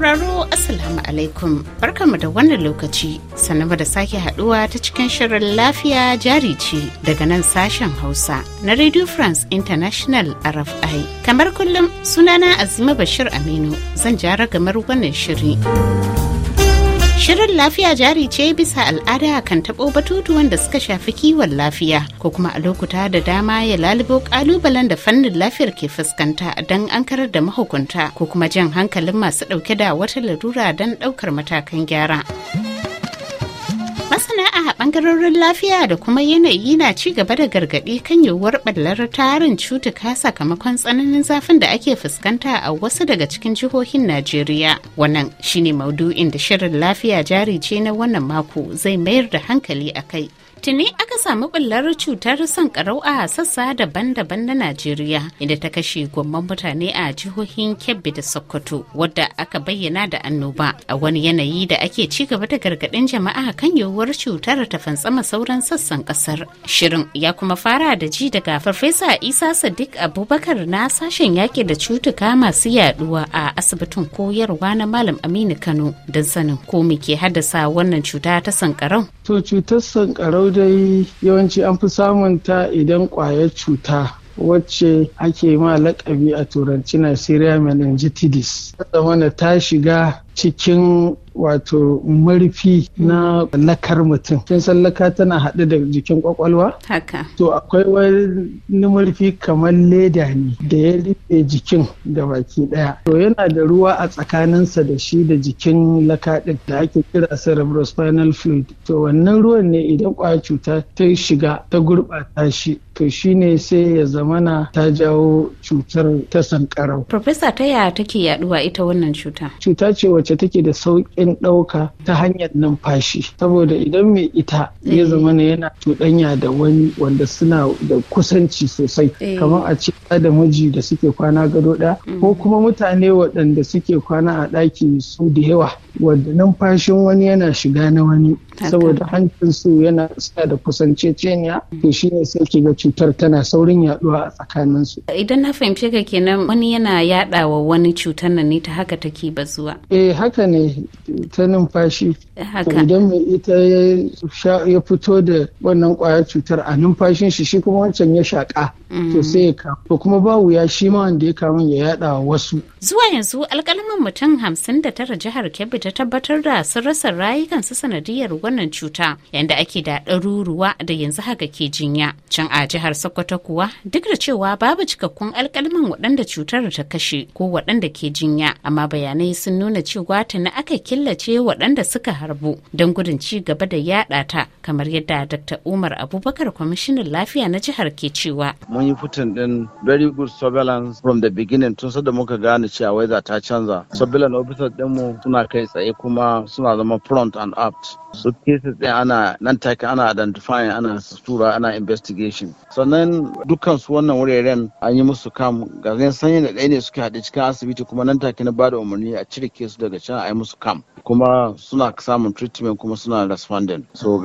sauraro Assalamu alaikum barkanmu da wannan lokaci sannan da sake haduwa ta cikin shirin lafiya jari ce daga nan sashen Hausa na Radio France International RFI. Kamar kullum sunana Azima Bashir Aminu zan jara gamar wannan shiri. Shirin lafiya jari ce bisa al'ada kan taɓo batutuwan da suka shafi kiwon lafiya ko kuma a lokuta da dama ya lalibo ƙalubalen da fannin lafiyar ke fuskanta don an karar da mahukunta ko kuma jan hankalin masu ɗauke da wata larura don ɗaukar matakan gyara. magana a bangarorin lafiya da kuma yanayi na ci gaba da gargaɗi kan yiwuwar ɓallar tarin cutuka sakamakon tsananin zafin da ake fuskanta a wasu daga cikin jihohin najeriya wannan shine maudu'in da shirin lafiya jari ce na wannan mako zai mayar da hankali a kai Tuni aka samu bullar cutar sankarau a sassa daban-daban na Najeriya inda ta kashe gwamman mutane a jihohin Kebbi da Sokoto wadda aka bayyana da annoba a wani yanayi da ake ci gaba da gargaɗin jama'a kan yiwuwar cutar ta fantsama sauran sassan kasar. Shirin ya kuma fara da ji daga Farfesa Isa Sadiq Abubakar na sashen yaki da cutuka masu yaduwa a asibitin koyarwa na Malam Aminu Kano don sanin ko me ke haddasa wannan cuta ta sankarau. To cutar sankarau dai yawanci an fi samun ta idan kwayar cuta wacce ake ma lakabi a turanci na Syria meningitis. Ta zama ta shiga cikin wato marfi na lakar mutum kin san laka tana haɗe da jikin kwakwalwa haka to akwai wani marfi kamar leda ne da ya rufe jikin da baki ɗaya to yana da ruwa a tsakaninsa da shi da jikin laka ɗin da ake kira cerebrospinal fluid to wannan ruwan ne idan kwaya cuta ta shiga ta gurɓata shi to shine sai ya zamana ta jawo cutar ta sankarau. Profesa ta yaya take yaduwa ita wannan cuta? Cuta ce wacce take da sauƙin ɗauka ta hanyar numfashi saboda idan mai ita ya eh. zamana yana cuɗanya da wani wanda suna da kusanci sosai eh. kamar a ce da miji da suke kwana gado ɗaya ko mm. kuma mutane waɗanda suke kwana a ɗaki su da yawa wanda numfashin wani yana shiga na wani saboda hancin su yana tsaye da kusanceceniya to ne sai ki ga cutar tana saurin yaduwa a tsakanin su idan na fahimce ka kenan wani yana wa wani cutar nan ne ta haka take bazuwa eh haka ne ta numfashi idan mai ita ya fito da wannan kwayar cutar a numfashin shi shi kuma wancan ya shaka to mm. sai ya kamu to kuma ba wuya shi ma wanda ya kamu ya yada wasu zuwa yanzu alkalamin mutum hamsin da tara jihar kebbi ta tabbatar da sun rasa rayukansu sanadiyar wannan cuta yanda ake da ɗaruruwa da yanzu haka ke jinya can a jihar sokoto kuwa duk da cewa babu cikakkun alkalmin waɗanda cutar ta kashe ko waɗanda ke jinya amma bayanai sun nuna cewa ta na aka killace waɗanda suka harbu don gudun ci gaba da yaɗa ta kamar yadda dr umar abubakar kwamishinan lafiya na jihar ke cewa mun yi fitin din very good surveillance from the beginning tun sada muka gane cewa waiza ta canza surveillance officers dinmu suna kai tsaye kuma suna zama front and aft. su cases ɗin ana nan take ana identifying ana tura ana investigation sannan dukkan su wannan wuraren an yi musu kam ga zan sanyi da ɗaya ne suke haɗe cikin asibiti kuma nan take na bada umarni a cire kesu daga can a yi musu kam kuma suna samun treatment kuma suna responding so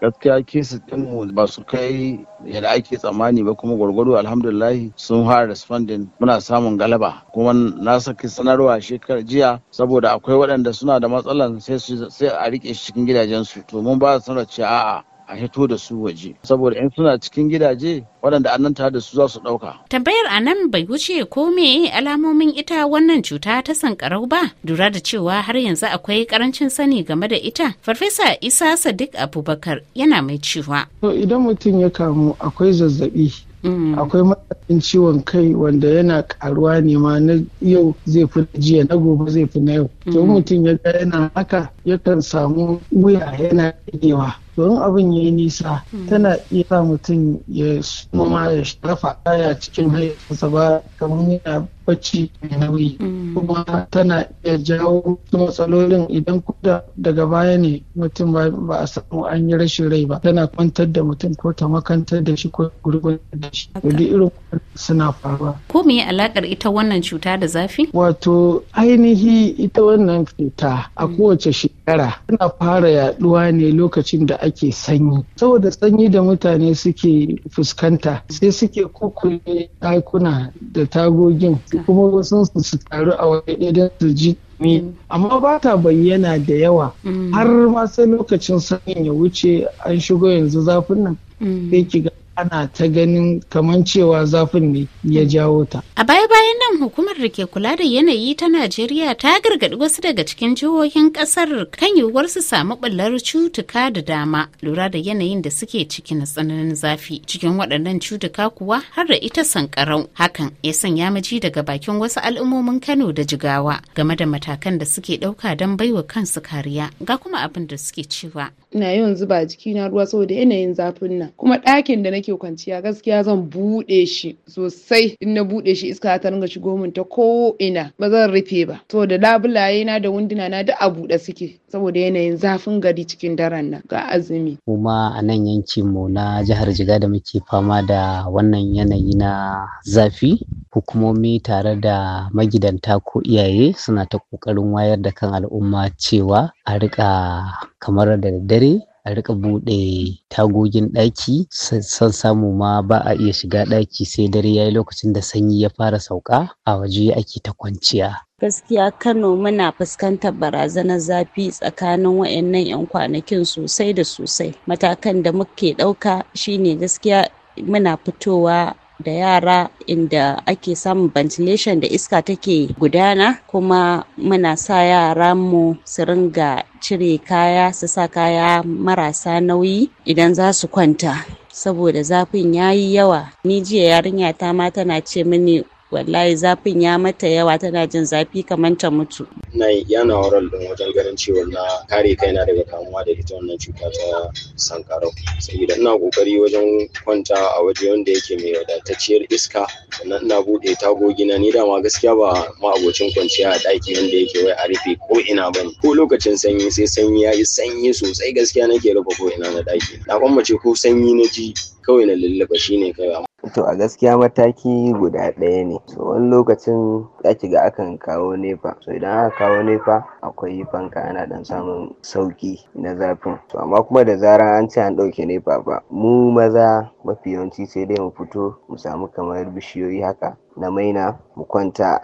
gaskiya kesi mu ba su kai yadda ake tsammani ba kuma gwargwaro alhamdulillah sun fara responding muna samun galaba kuma na saki sanarwa shekar jiya saboda akwai waɗanda suna da matsalan sai a rike shi cikin gidajensu to mun ba su sanar cewa a'a a hito da su waje saboda in suna cikin gidaje waɗanda annan da su za su ɗauka. Tambayar a nan bai wuce ko me alamomin ita wannan cuta ta sankarau ba dura da cewa har yanzu akwai karancin sani game da ita. Farfesa Isa Sadiq Abubakar yana mai cewa. To idan mutum ya kamu akwai zazzabi mm. akwai matsayin ciwon kai wanda yana karuwa ne ma na yau zai fi jiya na gobe zai fi na yau to mm. mutum ya ga yana haka yakan samu wuya yana ɗigewa domin abin ya yi nisa hmm. tana iya sa mutum ya suma ya shafa kaya cikin haifinsa ba kamar yana bacci mai nauyi mm. kuma tana iya jawo matsalolin idan kuda daga baya ne mutum ba a samu an yi rashin rai ba tana kwantar da mutum ko ta makantar da shi ko gurgun da shi duk irin suna faruwa ko me alakar ita wannan cuta da zafi wato ainihi ita wannan cuta a mm. kowace shekara tana fara yaduwa ne lokacin da ake sanyi saboda sanyi da mutane suke fuskanta sai suke kukule ɗakuna da tagogin su kuma wasu su taru a wani ɗaya su ji mm. amma ba ta bayyana da yawa mm. har ma sai lokacin sanyin ya wuce an shigo yanzu zafin nan mm. sai ki ga ana ta ganin kamar cewa zafin ne ya jawo ta. A baya-bayan nan hukumar da ke kula da yanayi ta Najeriya ta gargaɗi wasu daga cikin jihohin ƙasar kan yiwuwar su samu ɓullar cutuka da dama lura da yanayin da suke cikin tsananin zafi. Cikin waɗannan cutuka kuwa har da ita sankarau. Hakan ya sanya maji daga bakin wasu al'ummomin Kano da Jigawa game da matakan da suke ɗauka don baiwa kansu kariya ga kuma abin da suke cewa. Ina yawan zuba jikina ruwa saboda yanayin zafin nan kuma ɗakin da nake kwanciya gaskiya zan buɗe shi sosai in na buɗe shi iska ta ringa shigo min ta ko ina ba zan rufe ba saboda labulaye na da wunduna na duk a buɗe suke saboda yanayin zafin gari cikin daren nan ga azumi kuma a nan yankin mu na jihar jiga da muke fama da wannan yanayi na zafi hukumomi tare da magidanta ko iyaye suna ta kokarin wayar da kan al'umma cewa a rika kamar da daddare a rika buɗe tagogin ɗaki san samu ma ba a iya shiga ɗaki sai dare yayi lokacin da sanyi ya fara sauka a waje ake ta kwanciya gaskiya kano muna fuskantar barazanar zafi tsakanin wayannan 'yan kwanakin sosai da sosai matakan da muke ɗauka shine gaskiya muna fitowa da yara inda ake samun ventilation da iska take gudana kuma muna sa yara mu su ringa cire kaya su sa kaya marasa nauyi idan za su kwanta saboda zafin yayi yawa ni jiya yarinya ta ma tana ce mini wallahi zafin ya mata yawa tana jin zafi kamar ta mutu na yana horar don wajen ganin cewa na kare kaina daga kamuwa da ita wannan cuta ta sankarau saboda ina kokari wajen kwanta a waje wanda yake mai wadatacciyar iska sannan ina bude tagogi na. ni dama gaskiya ba ma abocin kwanciya a ɗaki wanda yake wai a rufe ko ina bane ko lokacin sanyi sai sanyi ya yi sanyi sosai gaskiya nake rufe ko ina na ɗaki na kwamace ko sanyi na ji kawai na lullaba shine kawai To a gaskiya mataki guda ɗaya ne. So wani lokacin za ki ga akan kawo nefa. So idan aka kawo nefa akwai fanka ana dan samun sauki na zafin. To amma kuma da zarar an ce an ɗauke nefa ba mu maza mafi yawanci sai dai mu fito mu samu kamar bishiyoyi haka na maina mu kwanta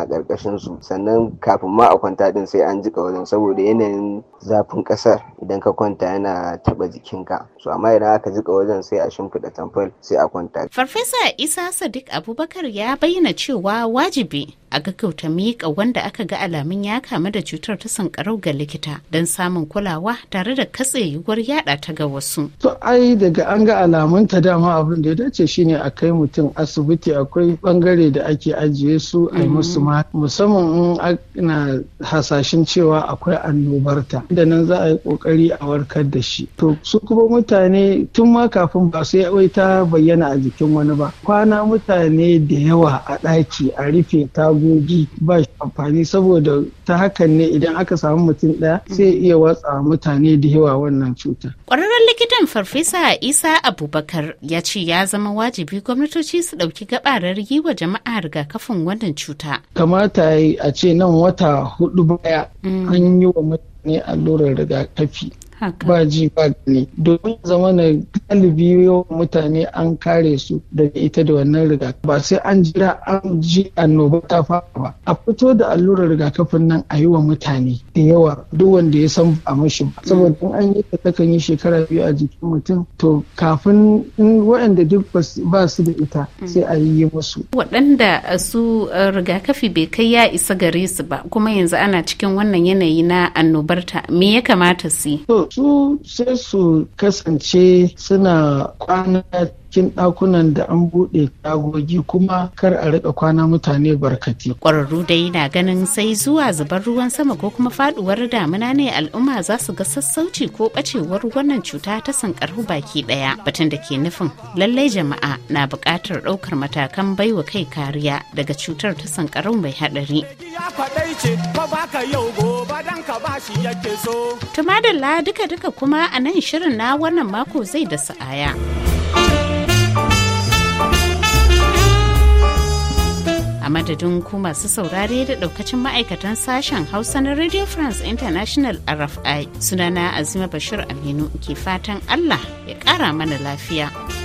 a ƙarƙashin su sannan kafin ma a kwanta din sai an jika wajen saboda yanayin zafin ƙasar idan ka kwanta yana taɓa jikinka so amma idan aka jika wajen sai a shimfiɗa tamfol sai a kwanta. farfesa isa sadiq abubakar ya bayyana cewa wajibi a gaggauta miƙa wanda aka ga alamun ya kamu da cutar ta sankarau ga likita don samun kulawa tare da katse yiwuwar yada ta ga wasu. To ai daga an ga alamun ta dama abin da ya dace shine a kai mutum asibiti akwai bangare da ake ajiye su a musu musamman in ana hasashen cewa akwai annobarta da nan za a yi kokari a warkar da shi to su kuma mutane tun ma kafin ba su ya ta bayyana a jikin wani ba kwana mutane da yawa a ɗaki a rufe tagogi ba amfani saboda ta hakan ne idan aka samu mutum ɗaya sai iya watsa mutane da yawa wannan cuta ƙwararren likitan farfesa isa abubakar ya ce ya zama wajibi gwamnatoci su ɗauki gabarar yi wa jama'a rigakafin wannan cuta kamata ya a ce nan wata hudu baya mm. an yi wa mutane allurar rigakafi ba ji ba gani domin zama na galibi yawan mutane an kare su daga ita da wannan rigakafi ba sai an jira an ji annoba ta fara ba a fito da allurar rigakafin nan a yi wa mutane da yawa duk wanda ya san a mashi ba saboda an yi ta kan yi shekara biyu a jikin mutum to kafin in waɗanda duk ba su da ita mm. sai a yi musu waɗanda uh, su uh, rigakafi bai kai ya isa gare su ba kuma yanzu ana cikin wannan yanayi na annobarta me ya kamata su su sai su kasance suna kwana cikin ɗakunan da an buɗe tagogi kuma kar a riƙa kwana mutane barkati. Ƙwararru dai na ganin sai zuwa zubar ruwan sama ko kuma faɗuwar damina ne al'umma za su ga sassauci ko ɓacewar wannan cuta ta sankarhu baki ɗaya. Batun da ke nufin lallai jama'a na buƙatar ɗaukar matakan baiwa kai kariya daga cutar ta sankarau mai haɗari. Tumadalla duka-duka kuma a nan shirin na wannan mako zai da sa'aya. madadin ku masu saurare da daukacin ma'aikatan sashen Hausa na Radio France International RFI sunana Azima Bashir Aminu ke fatan Allah ya kara mana lafiya.